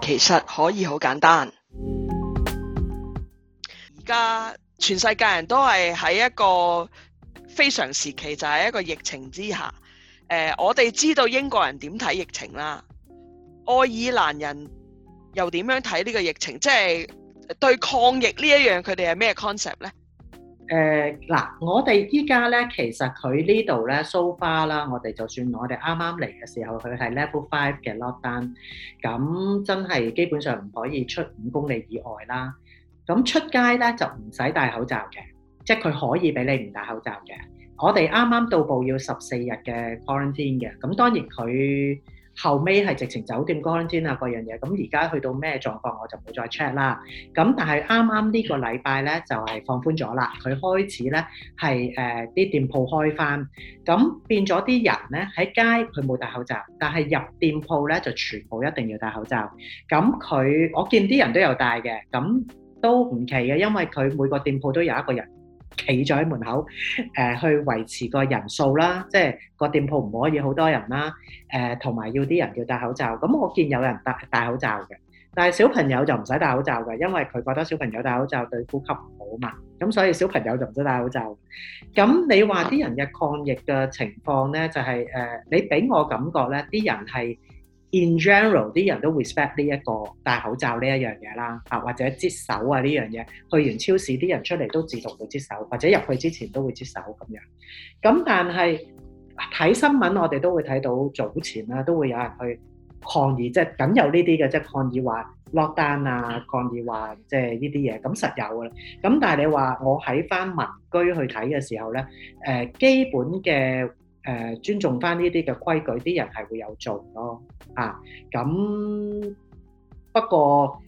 其實可以好簡單。而家全世界人都係喺一個非常時期，就係一個疫情之下。誒、呃，我哋知道英國人點睇疫情啦，愛爾蘭人又點樣睇呢個疫情？即係對抗疫呢一樣，佢哋係咩 concept 呢？誒嗱，我哋依家咧，其實佢呢度咧 so far 啦，我哋就算我哋啱啱嚟嘅時候，佢係 level five 嘅 lockdown，咁真係基本上唔可以出五公里以外啦。咁出街咧就唔使戴口罩嘅，即係佢可以俾你唔戴口罩嘅。我哋啱啱到埗要十四日嘅 quarantine 嘅，咁當然佢。後尾係直情酒店、government 啊各樣嘢，咁而家去到咩狀況我就冇再 check 啦。咁但係啱啱呢個禮拜咧就係、是、放寬咗啦，佢開始咧係誒啲店鋪開翻，咁變咗啲人咧喺街佢冇戴口罩，但係入店鋪咧就全部一定要戴口罩。咁佢我見啲人都有戴嘅，咁都唔奇嘅，因為佢每個店鋪都有一個人。企咗喺門口，誒去維持個人數啦，即係個店鋪唔可以好多人啦，誒同埋要啲人要戴口罩。咁我見有人戴戴口罩嘅，但係小朋友就唔使戴口罩嘅，因為佢覺得小朋友戴口罩對呼吸唔好嘛。咁所以小朋友就唔使戴口罩。咁你話啲人嘅抗疫嘅情況咧，就係誒你俾我感覺咧，啲人係。In general，啲人都 respect 呢一個戴口罩呢一樣嘢啦，啊或者接手啊呢樣嘢，去完超市啲人出嚟都自動會接手，或者入去之前都會接手咁樣。咁、嗯、但係睇新聞，我哋都會睇到早前啦，都會有人去抗議，即係梗有呢啲嘅，即係抗議話 lock down 啊，抗議話即係呢啲嘢。咁實有噶啦。咁、嗯、但係你話我喺翻民居去睇嘅時候咧，誒、呃、基本嘅。誒尊重翻呢啲嘅規矩，啲人係會有做咯，啊咁不過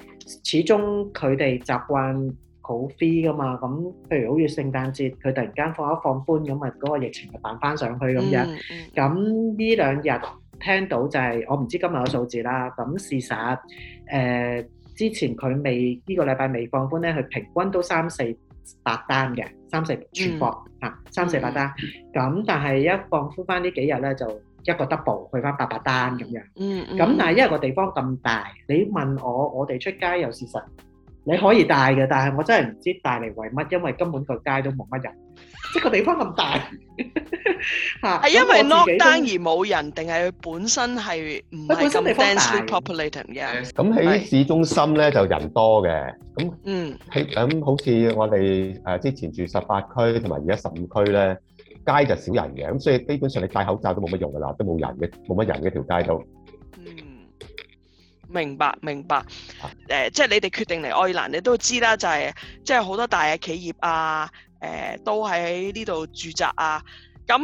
始終佢哋習慣好 free 噶嘛，咁譬如好似聖誕節，佢突然間放一放寬，咁咪嗰個疫情就彈翻上去咁樣。咁呢兩日聽到就係、是、我唔知今日嘅數字啦。咁事實誒、呃、之前佢未呢、這個禮拜未放寬咧，佢平均都三四百單嘅。三四儲貨嚇，三四百單，咁、嗯、但係一放寬翻呢幾日咧，就一個 double 去翻八百單咁樣，咁、嗯嗯、但係因為個地方咁大，你問我，我哋出街又事實。你可以戴嘅，但係我真係唔知戴嚟為乜，因為根本個街都冇乜人，即個地方咁大吓，係因為 lockdown 而冇人，定係佢本身係唔係咁 densely populated 嘅？咁喺市中心咧就人多嘅，咁嗯，喺咁好似我哋誒之前住十八區同埋而家十五區咧，街就少人嘅，咁所以基本上你戴口罩都冇乜用㗎啦，都冇人嘅，冇乜人嘅條街都。明白明白，誒、呃，即係你哋決定嚟愛爾蘭，你都知啦，就係、是、即係好多大嘅企業啊，誒、呃，都喺呢度住宅啊。咁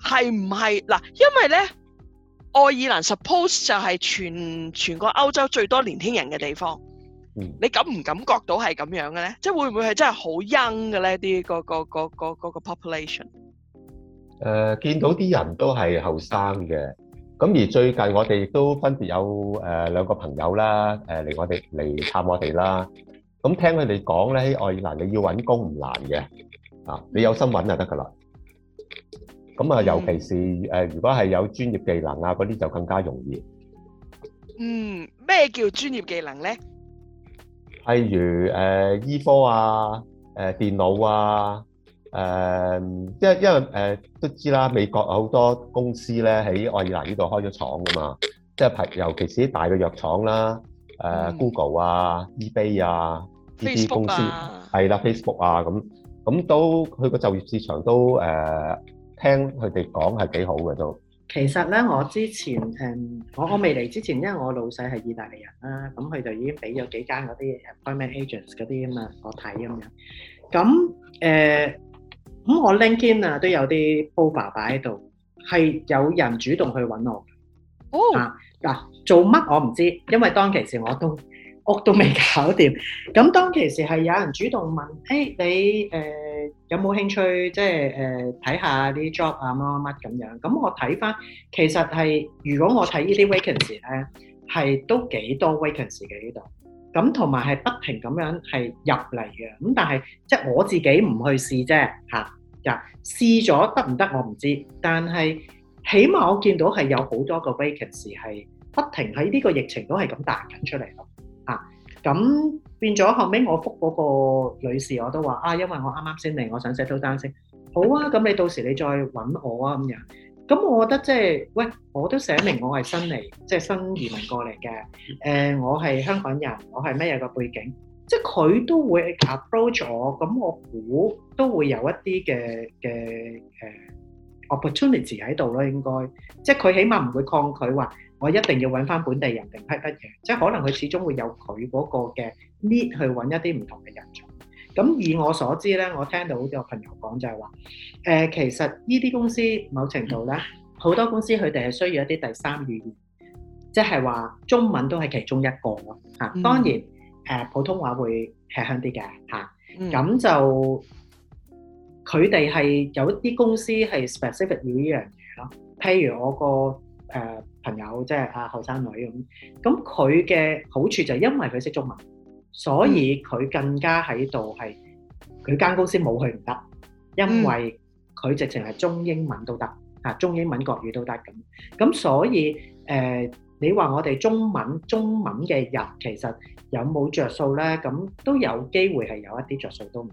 係唔係？嗱，因為咧，愛爾蘭 suppose 就係全全個歐洲最多年輕人嘅地方。嗯、你感唔感覺到係咁樣嘅咧？即係會唔會係真係好 young 嘅咧？啲、個個、個個、個個個個、個個 population。誒、呃，見到啲人都係後生嘅。咁而最近我哋亦都分別有誒兩個朋友啦，誒嚟我哋嚟探我哋啦。咁聽佢哋講咧，愛爾蘭你要揾工唔難嘅，啊，你有心揾就得噶啦。咁啊，尤其是誒如果係有專業技能啊嗰啲就更加容易。嗯，咩叫專業技能咧？例如誒醫科啊，誒電腦啊。誒，即係、嗯、因為誒、呃、都知啦，美國有好多公司咧喺愛爾蘭呢度開咗廠噶嘛，即係譬，尤其是啲大嘅藥廠啦，誒、呃嗯、Google 啊、eBay 啊呢啲、啊、公司係、嗯、啦，Facebook 啊咁，咁都去個就業市場都誒、呃，聽佢哋講係幾好嘅都。其實咧，我之前誒，我我未嚟之前，因為我老細係意大利人啦、啊，咁佢就已經俾咗幾間嗰啲 employment agents 嗰啲咁啊，我睇咁樣，咁誒。呃咁我 LinkedIn 啊都有啲鋪吧擺喺度，係有人主動去揾我。哦，啊嗱，做乜我唔知，因為當其時我都屋都未搞掂。咁當其時係有人主動問，誒你誒有冇興趣即係誒睇下啲 job 啊乜乜乜咁樣。咁我睇返，其實係如果我睇呢啲 vacancy 咧，係都幾多 vacancy 嘅呢度。咁同埋係不停咁樣係入嚟嘅，咁但係即係我自己唔去試啫嚇，呀試咗得唔得我唔知，但係起碼我見到係有好多個 vacancy 係不停喺呢個疫情都係咁彈緊出嚟咯，嚇咁變咗後尾我覆嗰個女士我都話啊，因為我啱啱先嚟，我想 set 到單先，好啊，咁你到時你再揾我啊咁樣。咁我覺得即係喂，我都寫明我係新嚟，即係新移民過嚟嘅。誒，我係香港人，我係咩嘢個背景，即係佢都會 approach 咗。咁我估都會有一啲嘅嘅誒 opportunity 喺度囉，應該即係佢起碼唔會抗拒話我一定要揾翻本地人定批乜嘢，即係可能佢始終會有佢嗰個嘅 need 去揾一啲唔同嘅人材。咁以我所知咧，我聽到好似朋友講就係話，誒、呃、其實呢啲公司某程度咧，好、嗯、多公司佢哋係需要一啲第三語言，即係話中文都係其中一個啊。當然誒、嗯啊、普通話會吃香啲嘅嚇，咁、啊啊嗯、就佢哋係有一啲公司係 specific 要依樣嘢咯。譬如我個誒、呃、朋友即係阿後生女咁，咁佢嘅好處就係因為佢識中文。所以佢更加喺度係佢間公司冇去唔得，因為佢直情係中英文都得，嚇中英文國語都得咁。咁所以誒、呃，你話我哋中文中文嘅人其實有冇着數咧？咁都有機會，係有一啲着數都唔。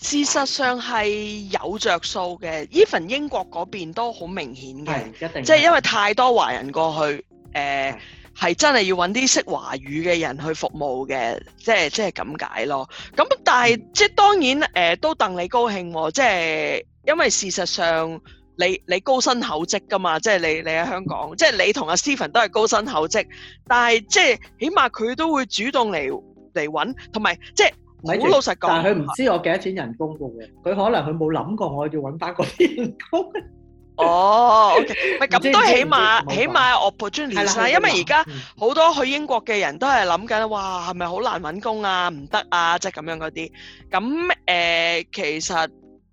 事實上係有着數嘅，even 英國嗰邊都好明顯嘅，即係因為太多華人過去誒。呃係真係要揾啲識華語嘅人去服務嘅，即係即係咁解咯。咁但係即係當然誒、呃，都戥你高興喎。即係因為事實上你你高薪厚職㗎嘛，即係你你喺香港，即係你同阿 Stephen 都係高薪厚職。但係即係起碼佢都會主動嚟嚟揾，同埋即係好等老實講。但係佢唔知我幾多錢人工嘅喎，佢可能佢冇諗過我要揾翻嗰啲人工。哦，OK，咪咁都起碼起碼我 professional，係啦，因為而家好多去英國嘅人都係諗緊，哇，係咪好難揾工啊？唔得啊，即係咁樣嗰啲。咁誒，其實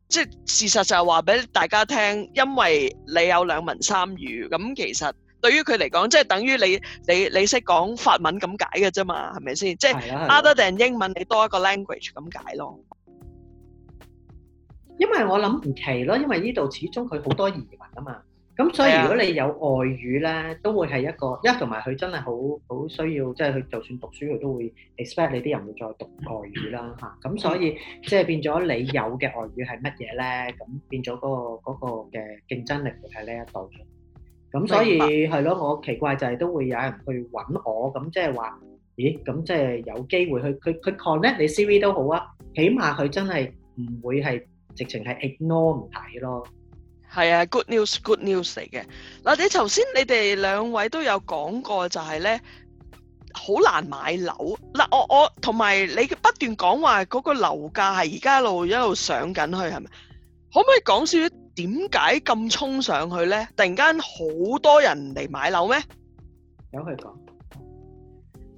即係事實就係話俾大家聽，因為你有兩文三語，咁其實對於佢嚟講，即係等於你你你識講法文咁解嘅啫嘛，係咪先？即係 other than 英文，你多一個 language 咁解咯。因為我諗唔奇咯，因為呢度始終佢好多移民啊嘛，咁所以如果你有外語咧，嗯、都會係一個，一同埋佢真係好好需要，即係佢就算讀書佢都會 expect 你啲人會再讀外語啦嚇，咁所以即係變咗你有嘅外語係乜嘢咧？咁變咗嗰、嗰個嘅競爭力會喺呢一度，咁所以係咯麼，我奇怪就係都會有人去揾我，咁即係話，咦？咁即係有機會去佢佢 connect 你 CV 都好啊，起碼佢真係唔會係。直情係 ignore 唔睇咯，係啊，good news，good news 嚟嘅。嗱，你頭先你哋兩位都有講過，就係，就係咧好難買樓。嗱，我我同埋你不斷講話嗰個樓價係而家一路一路上緊去，係咪？可唔可以講少少點解咁衝上去咧？突然間好多人嚟買樓咩？有佢講，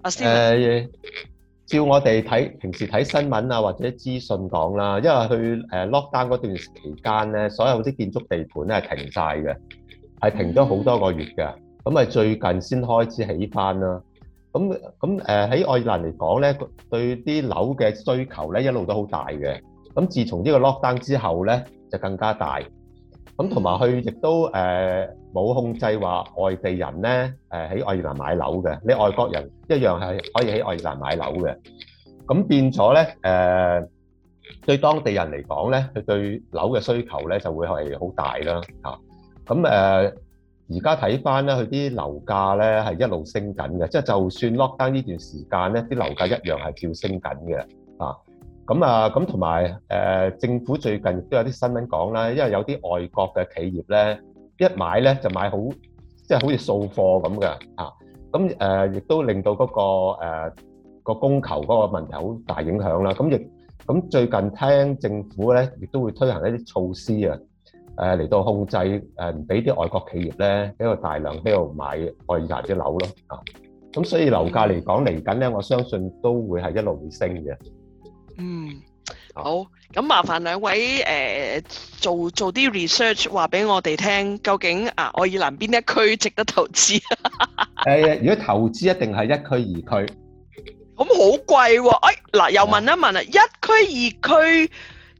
阿 Steve, A Steve ? S、uh, yeah. 照我哋睇，平時睇新聞啊，或者資訊講啦，因為去 lockdown 嗰段期間咧，所有啲建築地盤咧係停曬嘅，係停咗好多個月嘅，咁咪最近先開始起返啦。咁咁誒喺愛爾蘭嚟講咧，對啲樓嘅需求咧一路都好大嘅。咁自從呢個 lockdown 之後咧，就更加大。咁同埋佢亦都誒冇控制話外地人咧誒喺愛爾蘭買樓嘅，你外國人一樣係可以喺愛爾蘭買樓嘅。咁變咗咧誒，對當地人嚟講咧，佢對樓嘅需求咧就會係好大啦嚇。咁誒而家睇翻咧，佢、啊、啲樓價咧係一路升緊嘅，即係就算 lockdown 呢段時間咧，啲樓價一樣係照升緊嘅啊。咁啊，咁同埋誒政府最近亦都有啲新聞講啦，因為有啲外國嘅企業咧，一買咧就買好，即係好似掃貨咁嘅啊。咁誒亦都令到嗰個誒個供求嗰個問題好大影響啦。咁亦咁最近聽政府咧，亦都會推行一啲措施啊，誒嚟到控制誒唔俾啲外國企業咧喺度大量喺度買外銀嘅樓咯啊。咁所以樓價嚟講嚟緊咧，我相信都會係一路會升嘅。嗯，好，咁麻煩兩位誒、呃、做做啲 research，話俾我哋聽，究竟啊愛爾蘭邊一區值得投資？誒、 呃，如果投資一定係一區二區，咁好貴喎！誒、哎，嗱，又問一問啊，一區二區，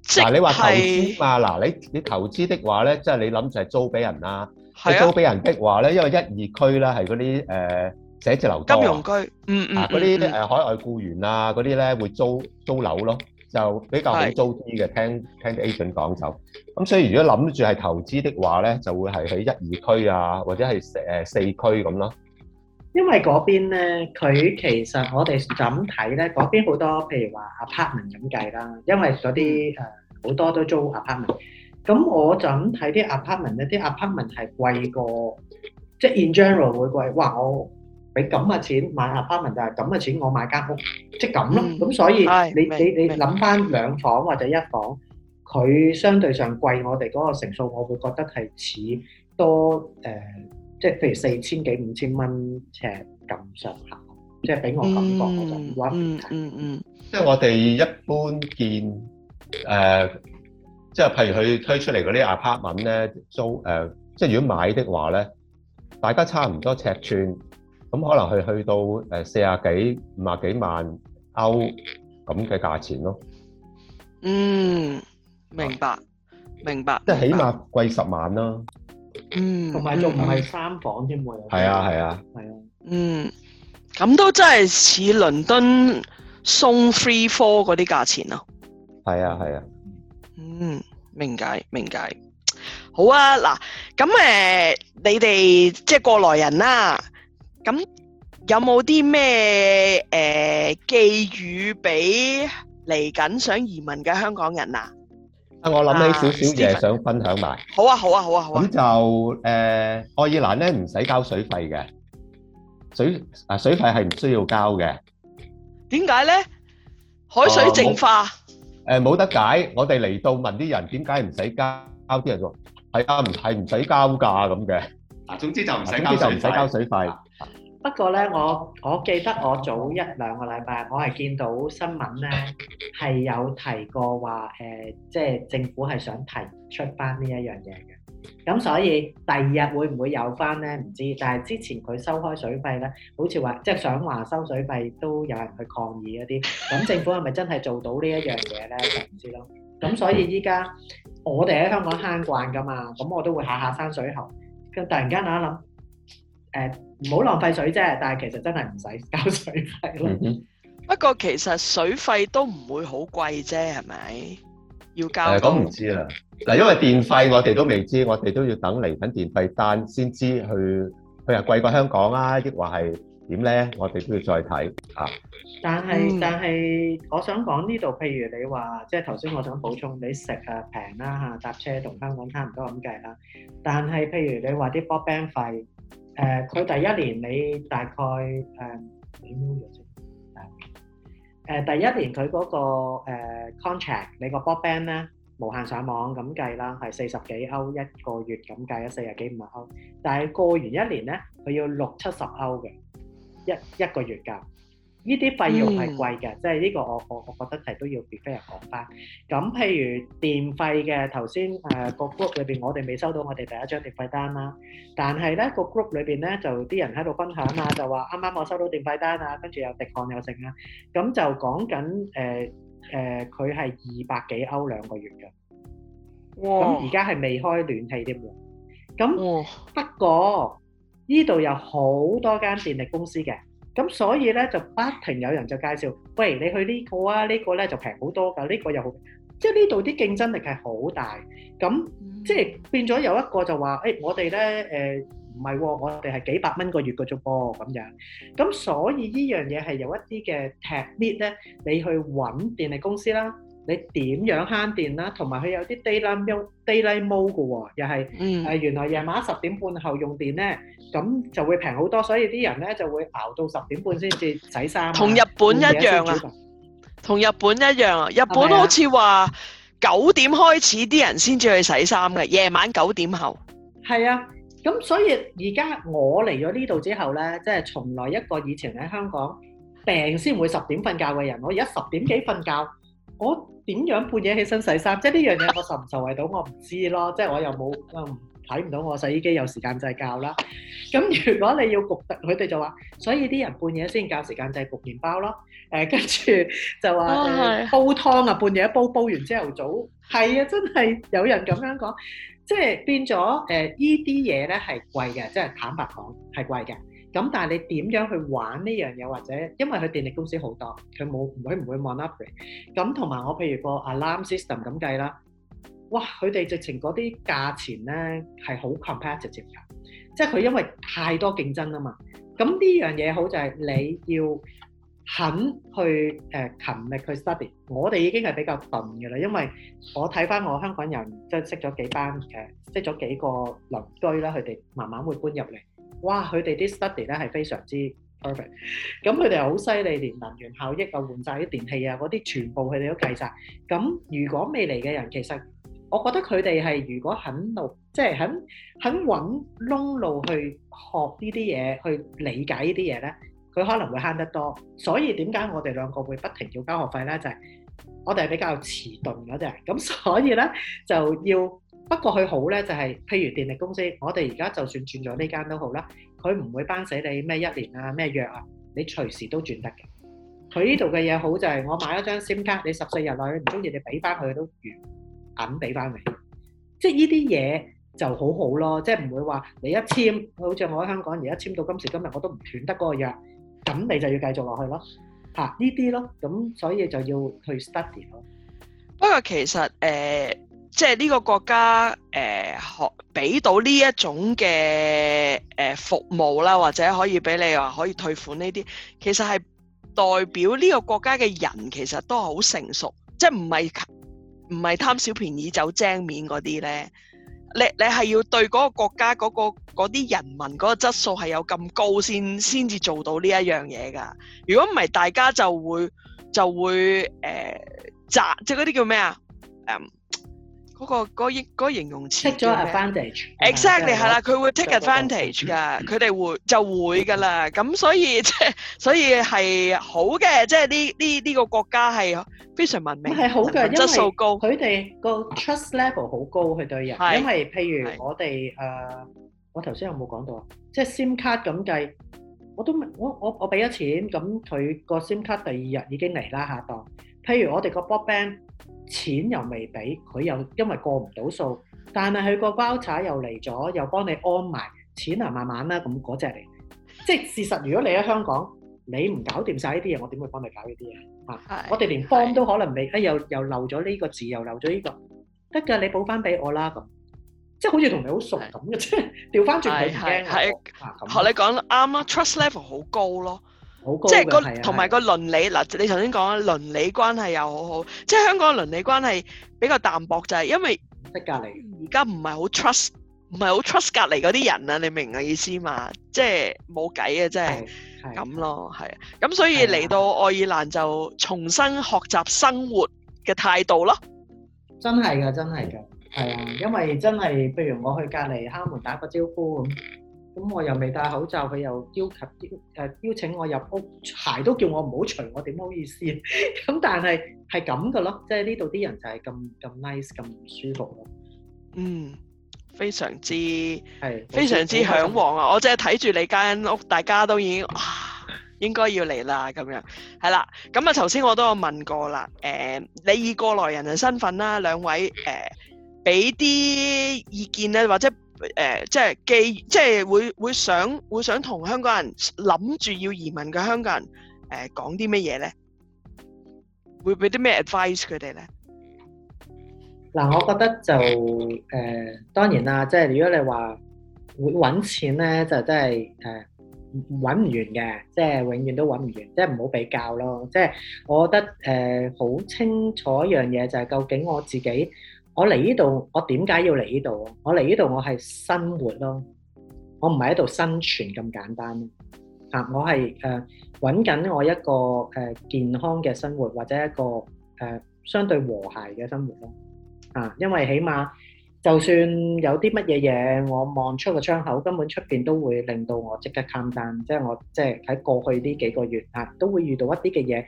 嗱，你話投資嘛？嗱，你你投資的話咧，即係你諗住係租俾人啦，即係租俾人的話咧，因為一二區、二區咧係嗰啲誒。寫字樓多啊，金融區，嗯嗯，嗰啲誒海外僱員啊，嗰啲咧會租租樓咯，就比較好租啲嘅是。聽聽 agent 講就，咁所以如果諗住係投資的話咧，就會係喺一二區啊，或者係誒四、呃、四區咁咯。因為嗰邊咧，佢其實我哋就咁睇咧，嗰邊好多譬如話 apartment 咁計啦，因為嗰啲誒好多都租 apartment, apartment。咁我就咁睇啲 apartment 咧，啲 apartment 係貴過，即係 in general 會貴。哇！我你咁嘅錢買 apartment 就係咁嘅錢，我買間屋即係咁咯。咁所以你你你諗翻兩房或者一房，佢相對上貴我哋嗰個成數，我會覺得係似多誒，即係譬如四千幾五千蚊尺咁上下，即係畀我感覺我就唔啱。嗯嗯嗯，即係我哋一般見誒，即係譬如佢推出嚟嗰啲 apartment 咧租誒，即係如果買的話咧，大家差唔多尺寸。咁可能去去到誒四十幾五十幾萬歐咁嘅價錢咯。嗯，明白，明白。即係起碼貴十萬啦。嗯。同埋仲唔係三房添喎。係啊係啊係啊。嗯。咁都真係似倫敦送 three four 嗰啲價錢咯。係啊係啊。嗯，明解明解。好啊，嗱，咁誒，你哋即係過來人啦。咁有冇啲咩誒寄語俾嚟緊想移民嘅香港人啊？啊，我諗起少少嘢想分享埋。好啊，好啊，好啊，好啊。咁就誒、呃、愛爾蘭咧，唔使交水費嘅，水啊，水費係唔需要交嘅。點解咧？海水淨化誒冇、呃呃、得解。我哋嚟到問啲人點解唔使交交啲人就係啊，唔係唔使交價咁嘅。嗱，總之就唔使交水費。不過咧，我我記得我早一兩個禮拜，我係見到新聞咧，係有提過話誒，即係政府係想提出翻呢一樣嘢嘅。咁所以第二日會唔會有翻咧？唔知。但係之前佢收開水費咧，好似話即係想話收水費都有人去抗議嗰啲。咁政府係咪真係做到呢一樣嘢咧？就唔知咯。咁所以依家我哋喺香港慳慣噶嘛，咁我都會下下山水喉。咁突然間諗一諗，誒唔好浪費水啫，但係其實真係唔使交水費咯。不過其實水費都唔會好貴啫，係咪要交？咁唔知啦，嗱，因為電費我哋都未知，我哋都要等嚟緊電費單先知，去佢係貴過香港啊，抑或係。點咧？我哋都要再睇啊！但係是、嗯、但係，我想講呢度，譬如你話，即係頭先我想補充你，你食啊平啦嚇，搭車同香港差唔多咁計啦。但係譬如你話啲 broadband 費，誒、呃、佢第一年你大概誒、啊、幾多咗先？誒、啊、誒，第一年佢嗰、那個、呃、contract，你個 broadband 呢無限上網咁計啦，係四十幾歐一個月咁計，有四廿幾五啊歐。但係過完一年咧，佢要六七十歐嘅。一一個月㗎，呢啲費用係貴嘅，嗯、即係呢個我我我覺得係都要俾人講翻。咁譬如電費嘅，頭先誒個 group 裏邊，我哋未收到我哋第一張電費單啦。但係咧個 group 裏邊咧就啲人喺度分享啊，就話啱啱我收到電費單啊，跟住有滴汗有剩啦。咁就講緊誒誒，佢係二百幾歐兩個月㗎。哇！咁而家係未開暖氣添喎。咁哇不過。呢度有好多間電力公司嘅，咁所以咧就不停有人就介紹，喂，你去呢個啊，這個、呢個咧就平好多噶，呢、這個又好，即係呢度啲競爭力係好大，咁即係變咗有一個就話，誒我哋咧誒唔係喎，我哋係、呃啊、幾百蚊個月嘅啫噃咁樣，咁所以呢樣嘢係有一啲嘅 technique 咧，你去揾電力公司啦。你點樣慳電啦？同埋佢有啲 daylight daylight mode 嘅喎，又係誒原來夜晚十點半後用電咧，咁就會平好多，所以啲人咧就會熬到十點半先至洗衫。同日本一樣啊，同日本一樣啊，日本好似話九點開始啲人先至去洗衫嘅，夜晚九點後。係啊，咁所以而家我嚟咗呢度之後咧，即係從來一個以前喺香港病先會十點瞓覺嘅人，我而家十點幾瞓覺。我點、哦、樣半夜起身洗衫？即係呢樣嘢我受唔受惠到我唔知咯。即係我又冇又睇唔到我洗衣機有時間掣教啦。咁如果你要焗得，佢哋就話，所以啲人半夜先教時間掣、就是、焗麵包咯。誒、呃，跟住就話、哦呃、煲湯啊，半夜煲煲完朝頭早，係啊，真係有人咁樣講，即係變咗誒、呃、呢啲嘢咧係貴嘅，即係坦白講係貴嘅。咁但係你點樣去玩呢樣嘢，或者因為佢電力公司好多，佢冇佢唔會 monopoly。咁同埋我譬如個 alarm system 咁計啦，哇！佢哋直情嗰啲價錢咧係好 competitive 嘅，即係佢因為太多競爭啊嘛。咁呢樣嘢好就係你要肯去誒勤力去 study。我哋已經係比較笨嘅啦，因為我睇翻我香港人即係識咗幾班嘅，識咗幾個鄰居啦，佢哋慢慢會搬入嚟。哇！佢哋啲 study 咧係非常之 perfect，咁佢哋係好犀利，連能源效益啊、換曬啲電器啊嗰啲全部佢哋都計曬。咁如果未嚟嘅人其實，我覺得佢哋係如果肯路，即係肯肯揾窿路去學呢啲嘢，去理解呢啲嘢咧，佢可能會慳得多。所以點解我哋兩個會不停要交學費咧？就係我哋係比較遲鈍嗰隻，咁所以咧就要。不過佢好咧，就係譬如電力公司，我哋而家就算轉咗呢間都好啦，佢唔會班死你咩一年啊咩約啊，你隨時都轉得嘅。佢呢度嘅嘢好就係我買一張 SIM 卡，你十四日內唔中意，你俾翻佢都完銀俾翻你，即係呢啲嘢就好好咯，即係唔會話你一簽，好似我喺香港而家簽到今時今日我都唔斷得嗰個約，咁你就要繼續落去咯，嚇呢啲咯，咁所以就要去 study 咯。不過其實誒。即係呢個國家誒學俾到呢一種嘅誒、呃、服務啦，或者可以俾你話可以退款呢啲，其實係代表呢個國家嘅人其實都係好成熟，即係唔係唔係貪小便宜走精面嗰啲咧？你你係要對嗰個國家嗰、那、啲、個、人民嗰個質素係有咁高先先至做到呢一樣嘢㗎。如果唔係，大家就會就會誒窒、呃，即係嗰啲叫咩啊？嗯、um,。嗰個嗰個嗰個形容詞。take 咗 advantage。exactly 係啦，佢會 take advantage 噶，佢哋會就會噶啦。咁所以即係，所以係好嘅，即係呢呢呢個國家係非常文明。係好嘅，質素高。佢哋個 trust level 好高，佢對人。係。因為譬如我哋誒，我頭先有冇講到啊？即係 SIM 卡咁計，我都我我我俾咗錢，咁佢個 SIM 卡第二日已經嚟啦嚇檔。譬如我哋個 broadband，錢又未俾，佢又因為過唔到數，但係佢個包差又嚟咗，又幫你安埋，錢啊慢慢啦、啊，咁嗰隻嚟。即係事實，如果你喺香港，你唔搞掂晒呢啲嘢，我點會幫你搞呢啲嘢啊？是 我哋連幫都可能未，唉、哎、又又漏咗呢個字，又漏咗呢個，得㗎，你補翻俾我啦。咁，即係好似同你好熟咁嘅，啫是，調翻轉你唔驚啊？學你講啱啦，trust level 好高咯。 即係個同埋個倫理嗱，你頭先講啦，倫理關係又好好，即係香港嘅倫理關係比較淡薄，就係因為隔籬，而家唔係好 trust，唔係好 trust 隔籬嗰啲人啦，你明我意思嘛？即係冇計呀，即係咁咯，係啊，咁所以嚟到愛爾蘭就重新學習生活嘅態度咯。真係㗎，真係㗎，係啊，因為真係譬如我去隔籬敲門打個招呼咁。咁我又未戴口罩，佢又邀及邀誒邀請我入屋，鞋都叫我唔好除，我點好意思？咁 但係係咁噶咯，即係呢度啲人就係咁咁 nice，咁唔舒服咯。嗯，非常之係，是非常之嚮往啊！嗯、我即係睇住你間屋，大家都已經應該要嚟啦，咁樣係啦。咁啊，頭先我都有問過啦，誒、呃，你以過來人嘅身份啦，兩位誒，俾、呃、啲意見咧，或者？誒、呃，即係既即係會會想會想同香港人諗住要移民嘅香港人，誒、呃，講啲咩嘢咧？會俾啲咩 advice 佢哋咧？嗱，我覺得就誒、呃，當然啦，即係如果你話會揾錢咧，就真係誒揾唔完嘅，即係永遠都揾唔完，即係唔好比較咯。即係我覺得誒，好、呃、清楚一樣嘢就係究竟我自己。我嚟呢度，我點解要嚟呢度？我嚟呢度，我係生活咯，我唔係喺度生存咁簡單。啊，我係誒揾緊我一個誒健康嘅生活，或者一個誒相對和諧嘅生活咯。啊，因為起碼就算有啲乜嘢嘢，我望出個窗口，根本出邊都會令到我即刻 calm down。即係我即係喺過去呢幾個月啊，都會遇到一啲嘅嘢。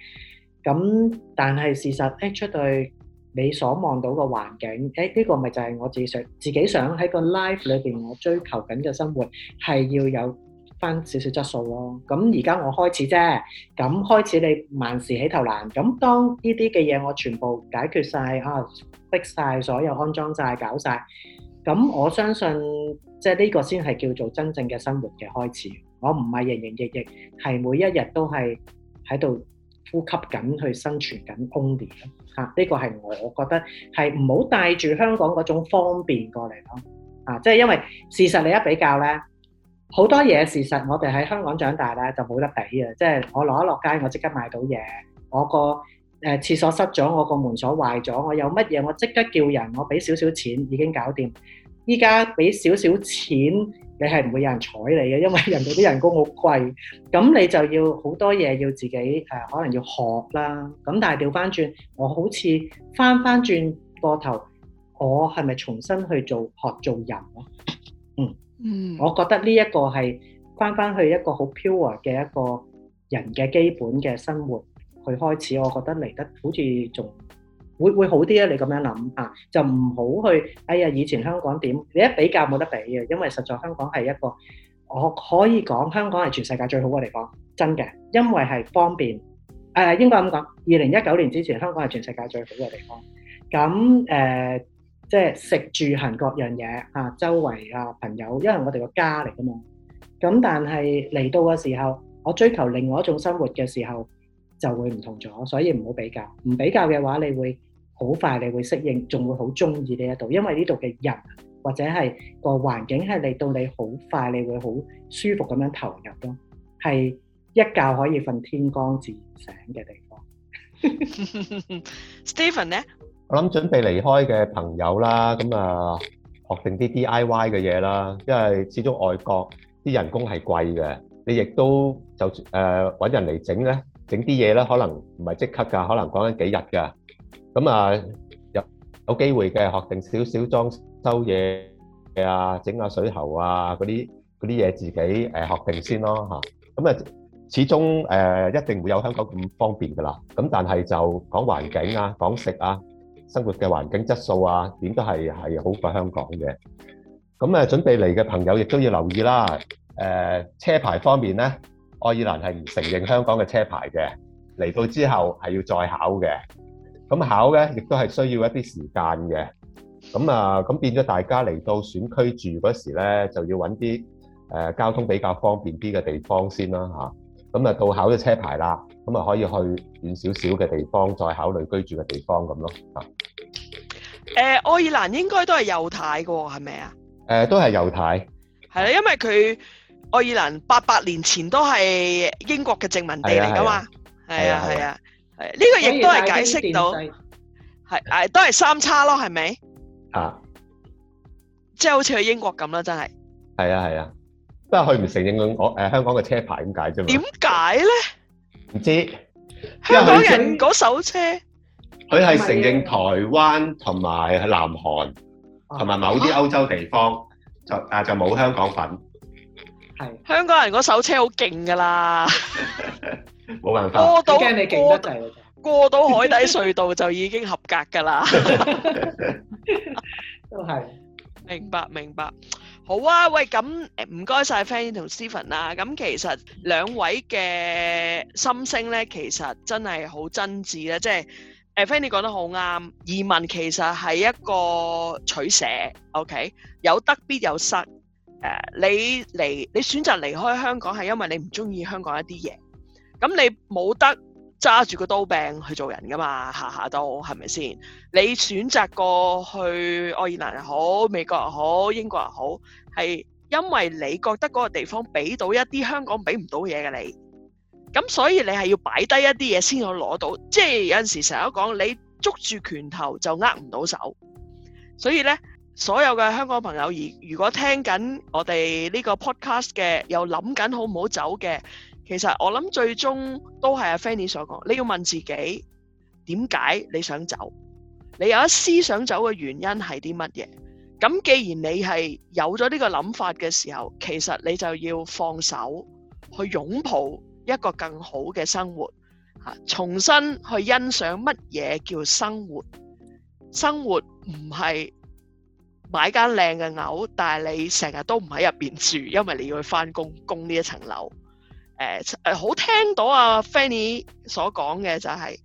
咁但係事實誒出到去。你所望到個環境，誒呢個咪就係我自己想，自己想喺個 life 裏邊，我追求緊嘅生活係要有返少少質素咯。咁而家我開始啫，咁開始你萬事起頭難。咁當呢啲嘅嘢我全部解決曬啊，逼曬所有安裝曬搞曬，咁我相信即係呢個先係叫做真正嘅生活嘅開始。我唔係營營役役，係每一日都係喺度。呼吸緊去生存緊 only 咯嚇，呢、這個係我覺得係唔好帶住香港嗰種方便過嚟咯嚇，即係因為事實你一比較咧，好多嘢事，事實我哋喺香港長大咧就冇得比啊！即係我攞一落街我即刻買到嘢，我個誒廁、呃、所塞咗，我個門鎖壞咗，我有乜嘢我即刻叫人，我俾少少錢已經搞掂。依家俾少少錢。你係唔會有人睬你嘅，因為人哋啲人工好貴，咁你就要好多嘢要自己誒、啊，可能要學啦。咁但係調翻轉，我好似翻翻轉個頭，我係咪重新去做學做人咯、啊？嗯嗯，我覺得呢一個係翻翻去一個好 pure 嘅一個人嘅基本嘅生活去開始，我覺得嚟得好似仲。會會好啲啊！你咁樣諗啊，就唔好去。哎呀，以前香港點？你一比較冇得比嘅，因為實在香港係一個我可以講香港係全世界最好嘅地方，真嘅。因為係方便誒，應該咁講。二零一九年之前，香港係全世界最好嘅地方。咁誒，即係食住行各樣嘢啊，周圍啊，朋友，因為我哋個家嚟㗎嘛。咁但係嚟到嘅時候，我追求另外一種生活嘅時候，就會唔同咗。所以唔好比較，唔比較嘅話，你會。好快你會適應，仲會好鍾意呢一度，因為呢度嘅人或者係個環境係嚟到你好快，你會好舒服咁樣投入咯，係一覺可以瞓天光自然醒嘅地方。Stephen 咧，我諗準備離開嘅朋友啦，咁啊學定啲 DIY 嘅嘢啦，因為始終外國啲人工係貴嘅，你亦都就誒搵人嚟整咧，整啲嘢咧，可能唔係即刻㗎，可能講緊幾日㗎。咁啊，有、嗯、有機會嘅學定少少裝修嘢啊，整下水喉啊，嗰啲嗰啲嘢自己誒、呃、學定先咯。咁啊、嗯，始終、呃、一定唔會有香港咁方便㗎喇。咁但係就講環境啊，講食啊，生活嘅環境質素啊，點都係好過香港嘅。咁、嗯、啊，準備嚟嘅朋友亦都要留意啦。誒、呃、車牌方面呢，愛爾蘭係唔承認香港嘅車牌嘅，嚟到之後係要再考嘅。咁考咧，亦都係需要一啲時間嘅。咁啊，咁變咗大家嚟到選區住嗰時咧，就要揾啲誒交通比較方便啲嘅地方先啦嚇。咁啊，到考咗車牌啦，咁啊可以去遠少少嘅地方，再考慮居住嘅地方咁咯。誒，愛爾蘭應該都係右軚㗎喎，係咪啊？誒，都係右軚。係啦，因為佢愛爾蘭八百年前都係英國嘅殖民地嚟㗎嘛。係啊，係啊。呢個亦都係解釋到，係誒都係三叉咯，係咪？啊！即係好似去英國咁啦，真係。係啊係啊，都係佢唔承認我誒香港嘅車牌咁解啫嘛。點解咧？唔知。香港人嗰手車，佢係承認台灣同埋喺南韓同埋某啲歐洲地方就誒就冇香港份。係。香港人嗰手車好勁㗎喇。冇辦法，驚你勁得滯。過到海底隧道 就已經合格噶啦，都係明白明白。好啊，喂，咁唔該晒 Fanny 同 Stephen 啊。咁其實兩位嘅心聲咧，其實真係好真摯咧。即係誒，Fanny 講得好啱，移民其實係一個取捨，OK，有得必有失。誒，uh，你離你選擇離開香港係因為你唔中意香港一啲嘢。咁你冇得揸住個刀柄去做人㗎嘛？下下都係咪先？你選擇過去愛爾蘭又好，美國又好，英國又好，係因為你覺得嗰個地方俾到一啲香港俾唔到嘢嘅你。咁所以你係要擺低一啲嘢先可攞到。即係有陣時成日都講你捉住拳頭就握唔到手。所以呢，所有嘅香港朋友而如果聽緊我哋呢個 podcast 嘅，又諗緊好唔好走嘅。其實我諗最終都係阿 Fanny 所講，你要問自己點解你想走，你有一思想走嘅原因係啲乜嘢？咁既然你係有咗呢個諗法嘅時候，其實你就要放手去擁抱一個更好嘅生活，重新去欣賞乜嘢叫生活。生活唔係買間靚嘅樓，但係你成日都唔喺入邊住，因為你要去翻工，供呢一層樓。誒好、呃、聽到啊！Fanny 所講嘅就係、是、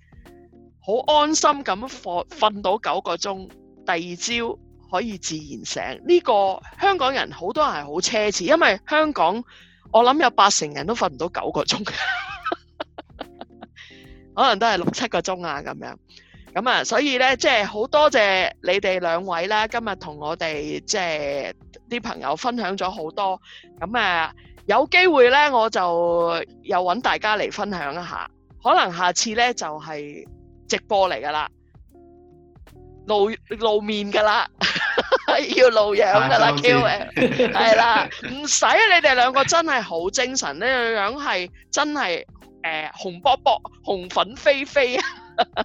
好安心咁瞓瞓到九個鐘，第二朝可以自然醒。呢、這個香港人好多人係好奢侈，因為香港我諗有八成人都瞓唔到九個鐘， 可能都係六七個鐘啊咁樣。咁啊，所以呢，即係好多謝你哋兩位啦，今日同我哋即係啲朋友分享咗好多。咁啊～有機會咧，我就又搵大家嚟分享一下。可能下次咧就係、是、直播嚟㗎喇，露露面㗎喇， 要露樣㗎喇，Q M，係啦，唔使，你哋兩個真係好精神，呢個樣係真係誒、呃、紅卜卜、紅粉飛飛啊！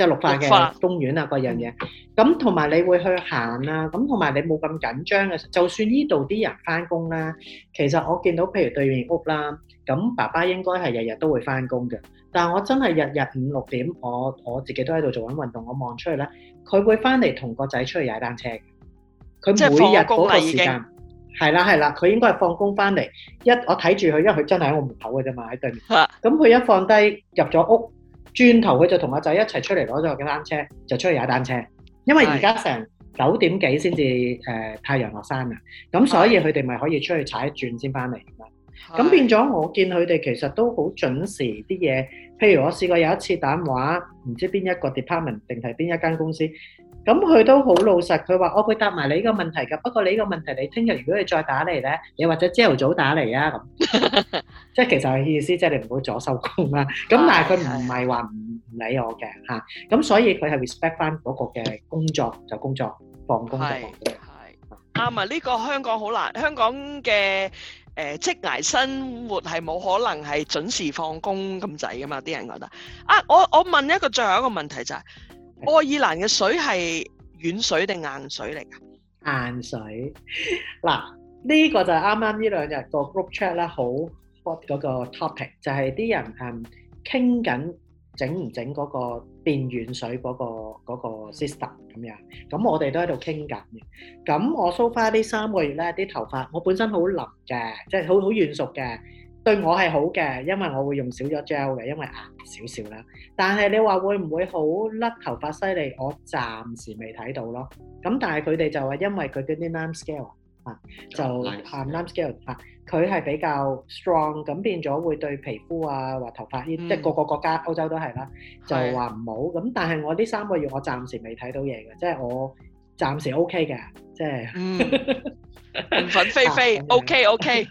即係綠化嘅公園啊，嗰樣嘢，咁同埋你會去行啦、啊，咁同埋你冇咁緊張嘅就算呢度啲人翻工啦，其實我見到譬如對面屋啦，咁爸爸應該係日日都會翻工嘅，但係我真係日日五六點，我我自己都喺度做緊運動，我望出去咧，佢會翻嚟同個仔出去踩單車。佢每日嗰個時間係啦係啦，佢應該係放工翻嚟，一我睇住佢，因為佢真係喺我門口嘅啫嘛，喺對面。咁佢的一放低入咗屋。轉頭佢就同阿仔一齊出嚟攞咗個單車，就出去踩單車。因為而家成九點幾先至誒太陽落山啦，咁所以佢哋咪可以出去踩一轉先返嚟。咁變咗我見佢哋其實都好準時啲嘢。譬如我試過有一次打電話，唔知邊一個 department 定係邊一間公司。咁佢都好老實，佢話我會答埋你呢個問題噶。不過你呢個問題，你聽日如果佢再打嚟咧，你或者朝頭早打嚟啊咁。即係其實嘅意思，即係你唔好阻收工啦。咁但係佢唔係話唔唔理我嘅吓。咁所以佢係 respect 翻嗰個嘅工作就工作，放工係係啊，唔係呢個香港好難。香港嘅誒，職涯生活係冇可能係準時放工咁滯噶嘛？啲人覺得啊，我我問一個最後一個問題就係。愛爾蘭嘅水係軟水定硬水嚟噶？硬水嗱。呢、呢個就係啱啱呢兩日個 group chat 咧，好 hot 嗰個 topic，就係啲人嗯傾緊整唔整嗰個變軟水嗰、嗰個嗰個 system 咁樣。咁我哋都喺度傾緊嘅。咁我梳翻呢三個月咧，啲頭髮我本身好腍嘅，即係好好軟熟嘅。對我係好嘅，因為我會用少咗 gel 嘅，因為硬少少啦。但係你話會唔會好甩頭髮犀利？我暫時未睇到咯。咁但係佢哋就話因為佢嗰啲 limescale 啊，就 limescale 啊，佢係比較 strong，咁變咗會對皮膚啊或頭髮呢，即係個個國家歐洲都係啦，就話唔好。咁但係我呢三個月我暫時未睇到嘢嘅，即係我暫時 OK 嘅，即係。唔粉飛飛，OK OK，眼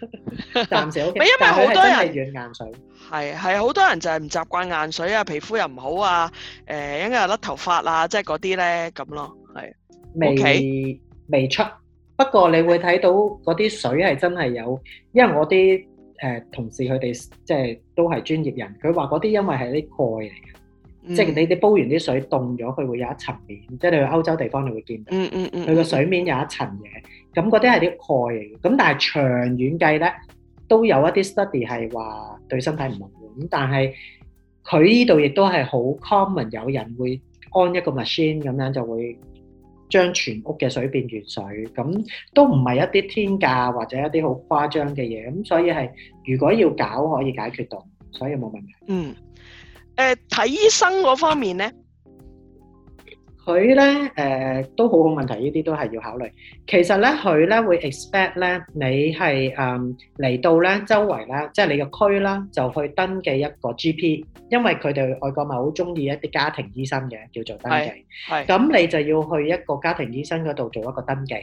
時 okay, 水 OK。唔因為好多人，係係好多人就係唔習慣硬水啊，皮膚又唔好啊，誒、呃，應該甩頭髮啊，即係嗰啲咧咁咯，係、okay? 未未出，不過你會睇到嗰啲水係真係有，因為我啲誒、呃、同事佢哋即係都係專業人，佢話嗰啲因為係啲鈣嚟嘅，嗯、即係你哋煲完啲水凍咗，佢會有一層面，即係你去歐洲地方你會見到，嗯嗯嗯，佢個水面有一層嘢。嗯嗯嗯咁嗰啲係啲鈣嚟嘅，咁但係長遠計咧，都有一啲 study 係話對身體唔好咁，但係佢呢度亦都係好 common，有人會安一個 machine 咁樣就會將全屋嘅水變軟水，咁都唔係一啲天價或者一啲好誇張嘅嘢，咁所以係如果要搞可以解決到，所以冇問題。嗯，誒、呃、睇醫生嗰方面咧。佢咧誒都好好問題，依啲都係要考慮。其實咧，佢咧會 expect 咧你係誒嚟到咧周圍啦，即係你個區啦，就去登記一個 GP，因為佢哋外國咪好中意一啲家庭醫生嘅叫做登記。係，咁你就要去一個家庭醫生嗰度做一個登記，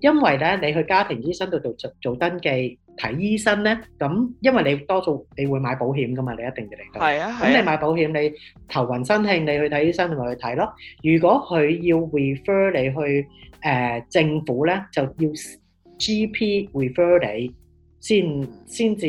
因為咧你去家庭醫生度做做登記。睇醫生咧，咁因為你多數你會買保險噶嘛，你一定要嚟到。係啊，咁你買保險，你頭暈身㷫，你去睇醫生咪去睇咯。如果佢要 refer 你去誒政府咧，就要 G.P. refer 你先先至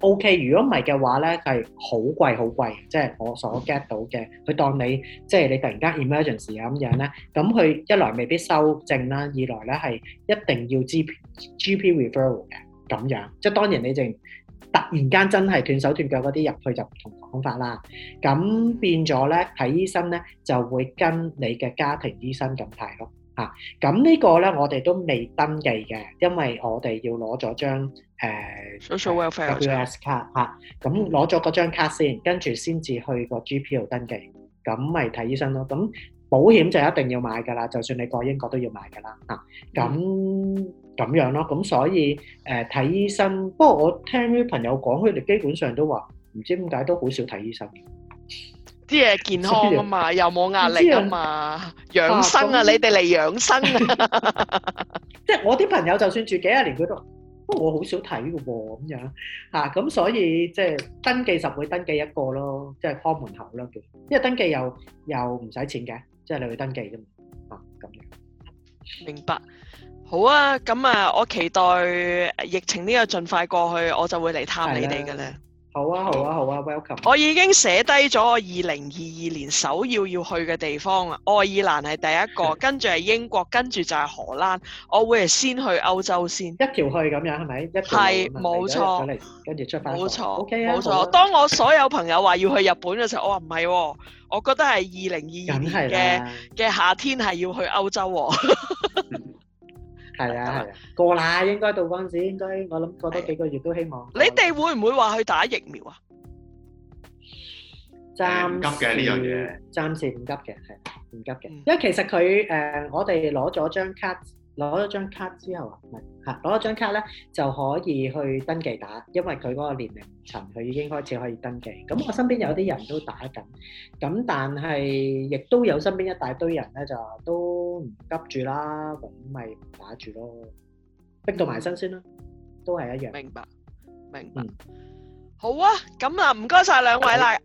O.K.。如果唔係嘅話咧，佢係好貴好貴。即係我所 get 到嘅，佢當你即係你突然間 emergency 咁樣咧，咁佢一來未必收症啦，二來咧係一定要 G.P. G.P. refer 嘅。咁樣，即係當然你淨突然間真係斷手斷腳嗰啲入去就唔同講法啦。咁變咗咧睇醫生咧就會跟你嘅家庭醫生咁睇咯。吓、啊，咁呢個咧我哋都未登記嘅，因為我哋要攞咗張誒 W S 卡吓，咁攞咗嗰張卡先，嗯、跟住先至去個 GP 度登記，咁咪睇醫生咯。咁、嗯保險就一定要買噶啦，就算你過英國都要買噶啦。嚇咁咁樣咯，咁所以誒睇醫生。不過我聽啲朋友講，佢哋基本上都話唔知點解都好少睇醫生。即係健康啊嘛，又冇壓力啊嘛，養生啊，你哋嚟養生啊。即係我啲朋友，就算住幾廿年，佢都不過我好少睇㗎喎，咁樣嚇咁所以即係登記十會登記一個咯，即係開門口咯叫。因為登記又又唔使錢嘅。即係你會登記啫嘛，啊咁樣，明白。好啊，咁啊，我期待疫情呢個盡快過去，我就會嚟探你哋㗎啦。好啊，好啊，好啊，welcome！我已經寫低咗我二零二二年首要要去嘅地方啦。愛爾蘭係第一個，跟住係英國，跟住就係荷蘭。我會係先去歐洲先 一條去咁樣係咪？係冇錯，跟住出翻。冇錯，冇、okay 啊、錯。吧當我所有朋友話要去日本嘅時候，我話唔係，我覺得係二零二二年嘅嘅夏天係要去歐洲喎、啊。 係啊，過啦，應該到嗰陣時，應該我諗過多幾個月都希望。你哋會唔會話去打疫苗啊？暫急嘅呢樣嘢，暫時唔急嘅，係唔急嘅。因為其實佢誒，我哋攞咗張卡。攞咗張卡之後啊，嚇！攞咗張卡咧，就可以去登記打，因為佢嗰個年齡層，佢已經開始可以登記。咁我身邊有啲人都打緊，咁但係亦都有身邊一大堆人咧，就都唔急住啦，咁咪唔打住咯，逼到埋身先咯，都係一樣。明白，明白。好啊，咁啊，唔該晒兩位啦。